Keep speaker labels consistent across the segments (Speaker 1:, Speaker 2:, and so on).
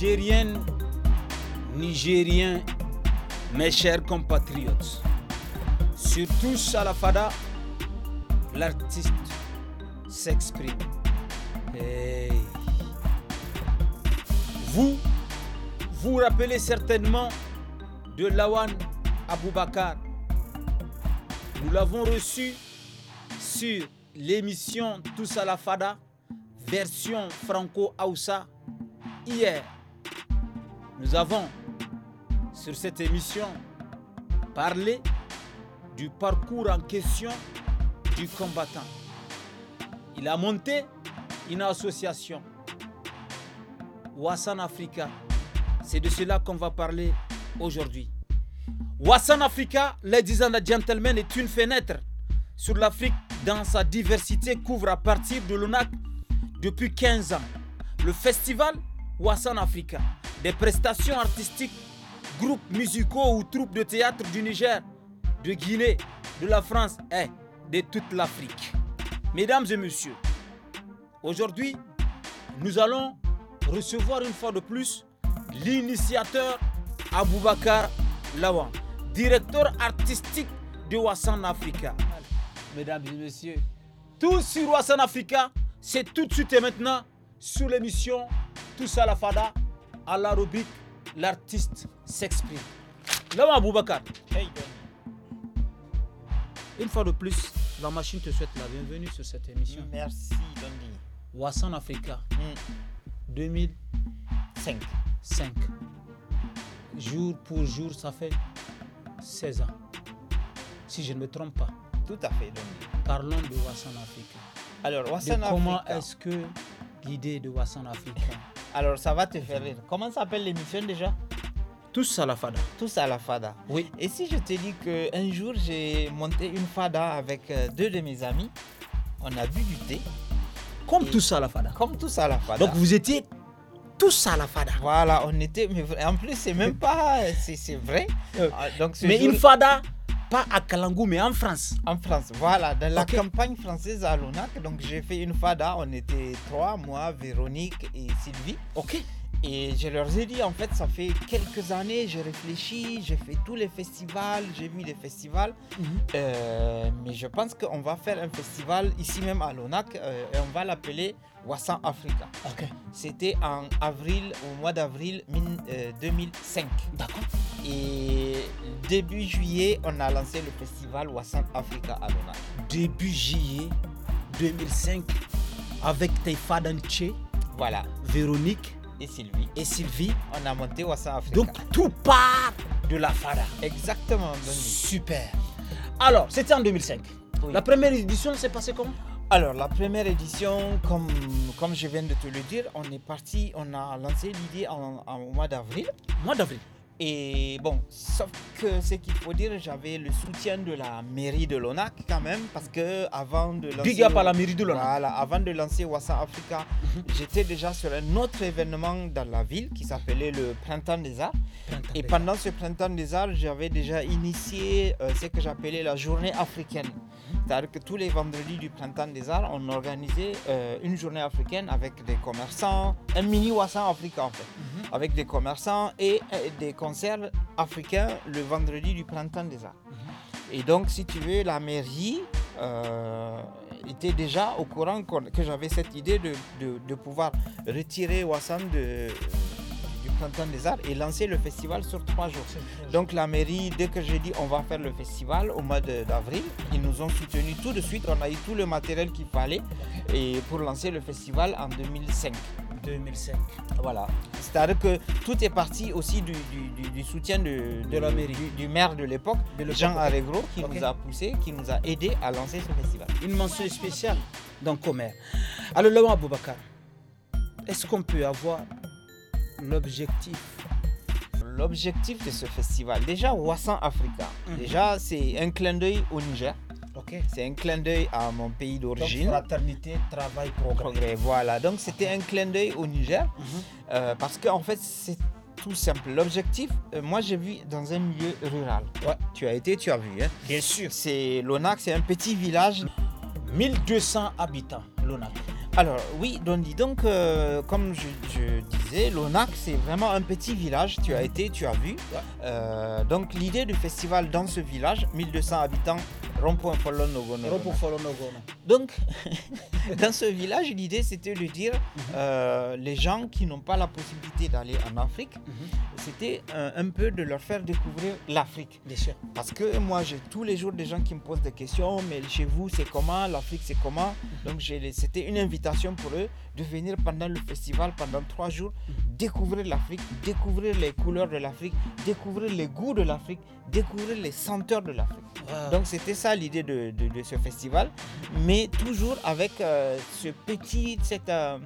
Speaker 1: Nigériennes, Nigériens, mes chers compatriotes, Sur à la Fada, l'artiste s'exprime. Hey. Vous, vous rappelez certainement de Lawan Aboubakar. Nous l'avons reçu sur l'émission Tous à la Fada, version franco-aoussa, hier nous avons, sur cette émission, parlé du parcours en question du combattant. Il a monté une association, Wassan Africa. C'est de cela qu'on va parler aujourd'hui. Wassan Africa, Ladies and Gentlemen, est une fenêtre sur l'Afrique dans sa diversité, couvre à partir de l'ONAC depuis 15 ans. Le festival Wassan Africa des prestations artistiques, groupes musicaux ou troupes de théâtre du Niger, de Guinée, de la France et de toute l'Afrique. Mesdames et messieurs, aujourd'hui, nous allons recevoir une fois de plus l'initiateur Aboubakar Lawan, directeur artistique de Wassan Africa. Mesdames et messieurs, tout sur Wassan Africa, c'est tout de suite et maintenant sur l'émission Tous à la Fada à la L'artiste s'exprime. Lama Boubacar. Hey, Une fois de plus, la machine te souhaite la bienvenue sur cette émission. Merci, Donny. Wassan Africa 2005. Mm. 5. Jour pour jour, ça fait 16 ans. Si je ne me trompe pas. Tout à fait, Dondi. Parlons de Wassan Africa. Alors, Wassan Africa. Comment est-ce que l'idée de Wassan Africa alors ça va te faire rire. Comment s'appelle l'émission déjà Tous à la fada. Tous à la fada. Oui. Et si je te dis que un jour j'ai monté une fada avec euh, deux de mes amis, on a bu du thé. Comme tous à la fada. Comme tous à la fada. Donc vous étiez tous à la fada. Voilà, on était. Mais en plus, c'est même pas. C'est vrai. Euh, ah, donc, mais une fada pas à Kalangou, mais en France. En France, voilà, dans la campagne française à Lonac. Donc j'ai fait une fada, on était trois, moi, Véronique et Sylvie. Ok. Et je leur ai dit, en fait, ça fait quelques années, j'ai réfléchi, j'ai fait tous les festivals, j'ai mis des festivals. Mhm. Euh, mais je pense qu'on va faire un festival ici même à Lonac euh, et on va l'appeler Wassan Africa. Ok. C'était en avril, au mois d'avril 2005. Euh, D'accord. Et Début juillet, on a lancé le festival Wasant Africa à Alona. Début juillet 2005, avec Taifa Danche, voilà. Véronique et Sylvie. Et Sylvie, on a monté Wasan Africa. Donc tout part de la Fara. Exactement. Super. Alors, c'était en 2005. La première édition s'est passée comment alors, la première édition, comme, comme je viens de te le dire, on est parti, on a lancé l'idée en, au mois d'avril. Mois d'avril et bon, sauf que ce qu'il faut dire, j'avais le soutien de la mairie de Lonac quand même, parce que avant de lancer. Big la mairie de Lonac. avant de lancer Wassa Africa, mhm. j'étais déjà sur un autre événement dans la ville qui s'appelait le Printemps des Arts. Et pendant ce Printemps des Arts, j'avais déjà initié euh, ce que j'appelais la journée africaine. C'est-à-dire que tous les vendredis du Printemps des Arts, on organisait euh, une journée africaine avec des commerçants, un mini Wassa Africa en fait. Mhm avec des commerçants et des concerts africains le vendredi du printemps des arts. Mhm. Et donc, si tu veux, la mairie euh, était déjà au courant que j'avais cette idée de, pouvoir retirer Wassam du Printemps des Arts et lancer le festival sur trois jours. Donc la mairie, dès que j'ai dit on va faire le festival au mois d'avril, ils nous ont soutenus tout de suite. On a eu tout le matériel qu'il fallait et pour lancer le festival en 2005. 2005. Voilà. C'est-à-dire que tout est parti aussi du, soutien de, la mairie. Du, maire de l'époque, Jean Arégro, qui nous a poussé, qui nous a aidé à lancer ce festival. Une mention spéciale dans Comer. Alors, Laurent Aboubakar, est-ce qu'on peut avoir l'objectif L'objectif de ce festival, déjà Wassan Africa, mhm. déjà c'est un clin d'œil au Niger. C'est un clin d'œil à mon pays d'origine. Fraternité, travail, progrès. voilà. Donc c'était un clin d'œil au Niger. Mhm. Euh, parce qu'en fait, c'est tout simple. L'objectif, euh, moi j'ai vu dans un milieu rural. Ouais. Tu as été, tu as vu. Hein. Bien sûr. C'est Lonac, c'est un petit village. 1200 habitants, Lonac. Alors oui, Dondi, donc euh, comme je, disais, Lonac c'est vraiment un petit village, tu as mhm. été, tu as vu. donc l'idée du festival dans ce village, 1200 habitants, donc, dans ce village, l'idée c'était de dire mhm. euh, les gens qui n'ont pas la possibilité d'aller en Afrique, mhm. c'était euh, un peu de leur faire découvrir l'Afrique. Parce que moi, j'ai tous les jours des gens qui me posent des questions mais chez vous, c'est comment L'Afrique, c'est comment mhm. Donc, c'était une invitation pour eux de venir pendant le festival, pendant trois jours, découvrir l'Afrique, découvrir les couleurs de l'Afrique, découvrir les goûts de l'Afrique, découvrir les senteurs de l'Afrique. Donc, c'était l'idée de, ce festival, mais toujours avec euh, ce petit, cette, euh,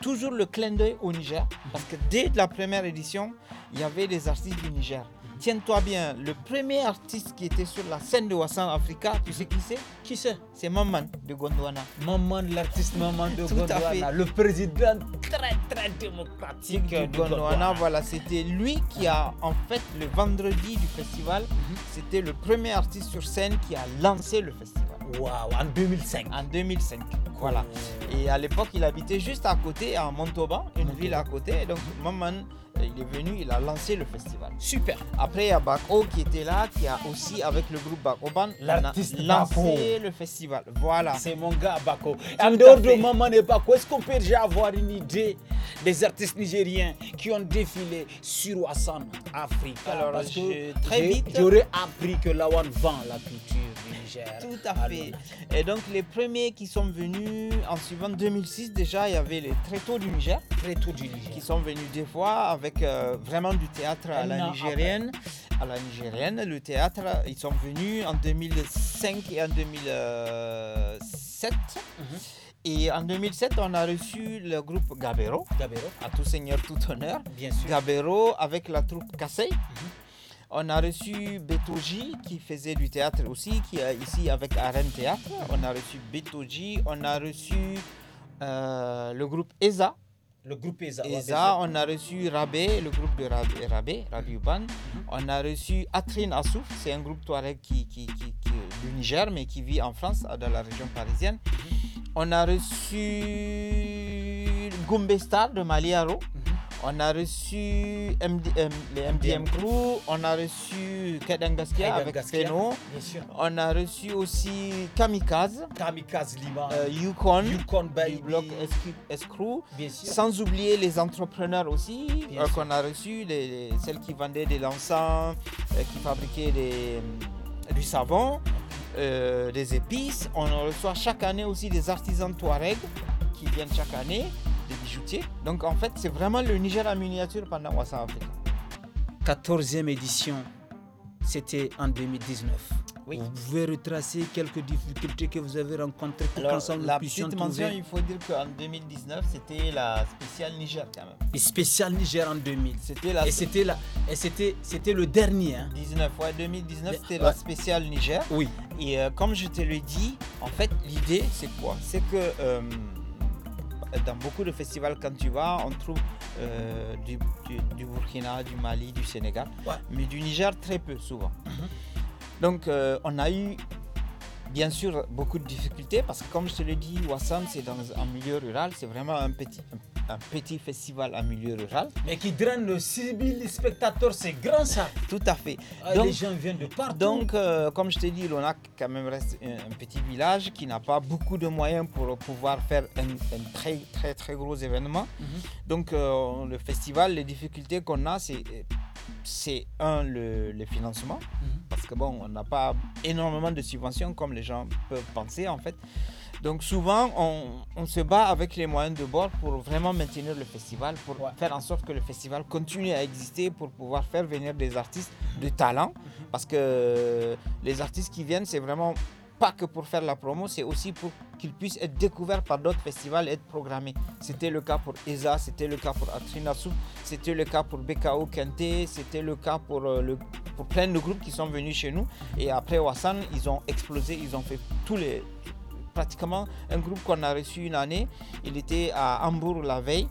Speaker 1: toujours le clin d'œil au Niger, parce que dès la première édition, il y avait des artistes du Niger tiens-toi bien, le premier artiste qui était sur la scène de Wassan Africa, tu sais qui c'est Qui c'est C'est Maman de Gondwana. Maman, l'artiste Maman de Tout Gondwana, à le président très très démocratique de, Gondwana. Voilà, c'était lui qui a, en fait, le vendredi du festival, mhm. c'était le premier artiste sur scène qui a lancé le festival. Waouh, en 2005. En 2005, voilà. Oh. Et à l'époque, il habitait juste à côté, à Montauban, une ville à côté. Donc, Maman, euh, il est venu, il a lancé le festival. Super. Après, il y a Bako qui était là, qui a aussi, avec le groupe Bakoban, lancé le festival. Voilà. C'est mon gars, Bako. En dehors de Maman et Bako, est-ce qu'on peut déjà avoir une idée des artistes nigériens qui ont défilé sur Wassan, Afrique Alors, très vite. J'aurais appris que Lawan vend la culture. Tout à fait. et donc les premiers qui sont venus en suivant 2006 déjà, il y avait les Tréteau du Niger. Tréteau du Niger. Qui sont venus des fois avec euh, vraiment du théâtre à la nigérienne. Ah à la nigérienne, le théâtre, ils sont venus en 2005 et en 2007. Mhm. Et en 2007, on a reçu le groupe Gabero. Gabero. À tout seigneur, tout honneur. Bien sûr. Gabero avec la troupe Kasei. Mhm. On a reçu Betoji qui faisait du théâtre aussi, qui est ici avec Arène Théâtre. On a reçu Betoji, on a reçu euh, le groupe ESA. Le groupe ESA. ESA, on a reçu Rabé, le groupe de Rabé, Rabé, mm-hmm. On a reçu Atrin Assouf, c'est un groupe Touareg qui, du Niger, mais qui vit en France, dans la région parisienne. Mm-hmm. On a reçu Gumbestar de Maliaro. Mm-hmm on a reçu MDM, les MDM Crew, on a reçu Kaden avec Feno, on a reçu aussi Kamikaze, Kamikaze Lima, euh, Yukon, Yukon du bloc sans oublier les entrepreneurs aussi euh, qu'on a reçu celles qui vendaient des l'encens, euh, qui fabriquaient euh, du savon, des épices. On reçoit chaque année aussi des artisans Touareg qui viennent chaque année des bijoutiers. Donc en fait, c'est vraiment le Niger en miniature pendant Ouassa Africa. 14e édition, c'était en 2019. Oui. Vous pouvez retracer quelques difficultés que vous avez rencontrées pour La petite mention, il faut dire qu'en 2019, c'était la spéciale Niger quand même. Et spéciale Niger en 2000. C'était la... Et c'était la... et c'était c'était le dernier. Hein. 19 ouais, 2019, c'était la spéciale Niger. Oui. Et euh, comme je te le dis, en fait, l'idée c'est quoi C'est que euh, dans beaucoup de festivals, quand tu vas, on trouve euh, du, Burkina, du Mali, du Sénégal, mais du Niger très peu souvent. Mhm. Donc euh, on a eu bien sûr beaucoup de difficultés parce que comme je te l'ai dit, Wassam c'est dans un milieu rural, c'est vraiment un petit, petit festival en milieu rural. Mais qui draine 6 000 spectateurs, c'est grand ça. Tout à fait. Ah, les gens viennent de partout. Donc, euh, comme je t'ai dit, a quand même reste un, petit village qui n'a pas beaucoup de moyens pour pouvoir faire un, très très très gros événement. Mhm. Donc, euh, le festival, les difficultés qu'on a, c'est c'est un, le, financement, mhm. parce que bon, on n'a pas énormément de subventions comme les gens peuvent penser en fait. Donc souvent, on, se bat avec les moyens de bord pour vraiment maintenir le festival, pour faire en sorte que le festival continue à exister, pour pouvoir faire venir des artistes de talent. Mhm. Parce que les artistes qui viennent, c'est vraiment pas que pour faire la promo, c'est aussi pour qu'ils puissent être découverts par d'autres festivals et être programmés. C'était le cas pour ESA, c'était le cas pour Sou, c'était le cas pour BKO Kente, c'était le cas pour, euh, pour plein de groupes qui sont venus chez nous. Et après Wassan, ils ont explosé, ils ont fait tous les, pratiquement un groupe qu'on a reçu une année. Il était à Hambourg la veille.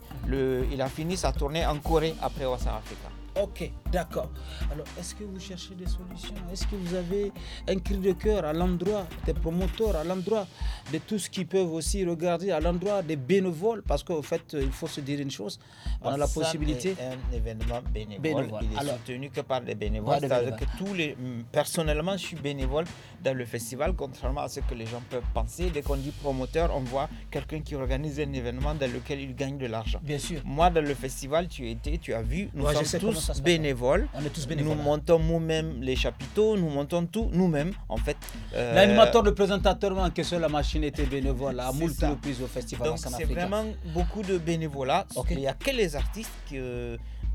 Speaker 1: il a fini sa tournée en Corée après au Africa. Ok, d'accord. Alors, est-ce que vous cherchez des solutions Est-ce que vous avez un cri de cœur à l'endroit des promoteurs, à l'endroit de tous qui peuvent aussi regarder, à l'endroit des bénévoles Parce qu'au fait, euh, il faut se dire une chose on a la possibilité. C'est un événement bénévole. Il est Alors, soutenu que par des bénévoles. C'est-à-dire que tous les. Mm, personnellement, je suis bénévole dans le festival, contrairement à ce que les gens peuvent penser. Dès qu'on dit promoteur, on voit quelqu'un qui organise un événement dans lequel il gagne de l'argent. Bien sûr. Moi, dans le festival, tu étais, tu as vu, nous Moi, sommes tous bénévole, bénévoles. Nous hein. montons nous-mêmes les chapiteaux, nous montons tout nous-mêmes, en fait. Euh, L'animateur, le présentateur en question, la machine était bénévole à moult plus au festival. Donc c'est vraiment beaucoup de bénévolat. Il n'y a que les artistes qui.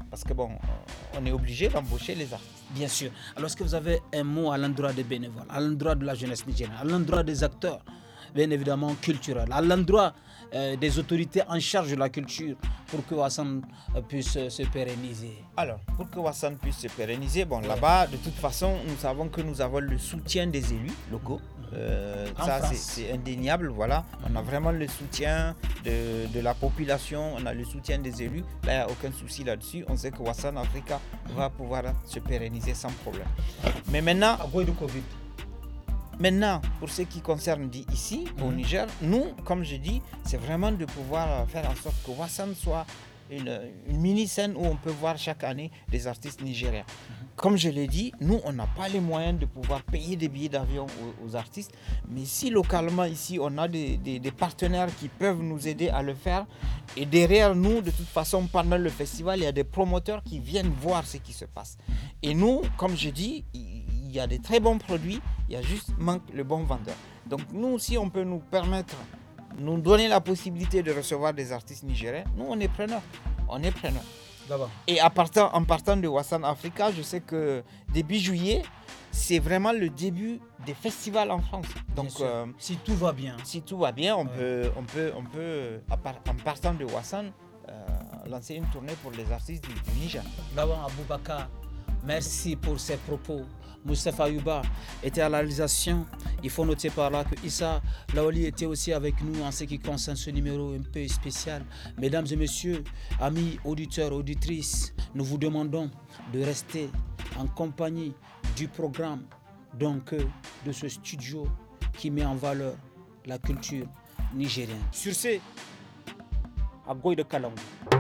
Speaker 1: parce que bon, on est obligé d'embaucher les artistes. Bien sûr. Alors est-ce que vous avez un mot à l'endroit des bénévoles, à l'endroit de la jeunesse nigérienne, à l'endroit des acteurs bien évidemment culturel à l'endroit euh, des autorités en charge de la culture pour que Wassan euh, puisse euh, se pérenniser Alors, pour que Wassan puisse se pérenniser, bon, là-bas, de toute façon, nous savons que nous avons le soutien des élus locaux. Mhm. ça, c'est indéniable. Voilà, on a mhm. vraiment le soutien de, la population, on a le soutien des élus. Là, ben, il n'y a aucun souci là-dessus. On sait que Wassan Africa va pouvoir se pérenniser sans problème. Mais maintenant, à cause du Covid. Maintenant, pour ce qui concerne dit ici, au mhm. Niger, nous, comme je dis, c'est vraiment de pouvoir euh, faire en sorte que Wassan soit euh, une, mini-scène où on peut voir chaque année des artistes nigériens. Mhm. Comme je l'ai dit, nous, on n'a pas les moyens de pouvoir payer des billets d'avion aux, artistes, mais si localement, ici, on a des, des, partenaires qui peuvent nous aider à le faire, et derrière nous, de toute façon, pendant le festival, il y a des promoteurs qui viennent voir ce qui se passe. Et nous, comme je dis, il y a des très bons produits, il y a juste manque le bon vendeur. Donc nous aussi, on peut nous permettre, nous donner la possibilité de recevoir des artistes nigériens. Nous, on est preneurs. On est preneurs. Et en partant de Wassan Africa, je sais que début juillet, c'est vraiment le début des festivals en France. Donc, euh, si tout va bien, si tout va bien, on peut, on peut, on peut, en partant de Wassan, euh, lancer une tournée pour les artistes du Niger. D'abord, Aboubaka, merci pour ces propos. Moustapha Yuba était à la réalisation. Il faut noter par là que Issa Laoli était aussi avec nous en ce qui concerne ce numéro un peu spécial. Mesdames et messieurs, amis auditeurs, auditrices, nous vous demandons de rester en compagnie du programme, donc de ce studio qui met en valeur la culture nigérienne. Sur ce, à de Kalangou.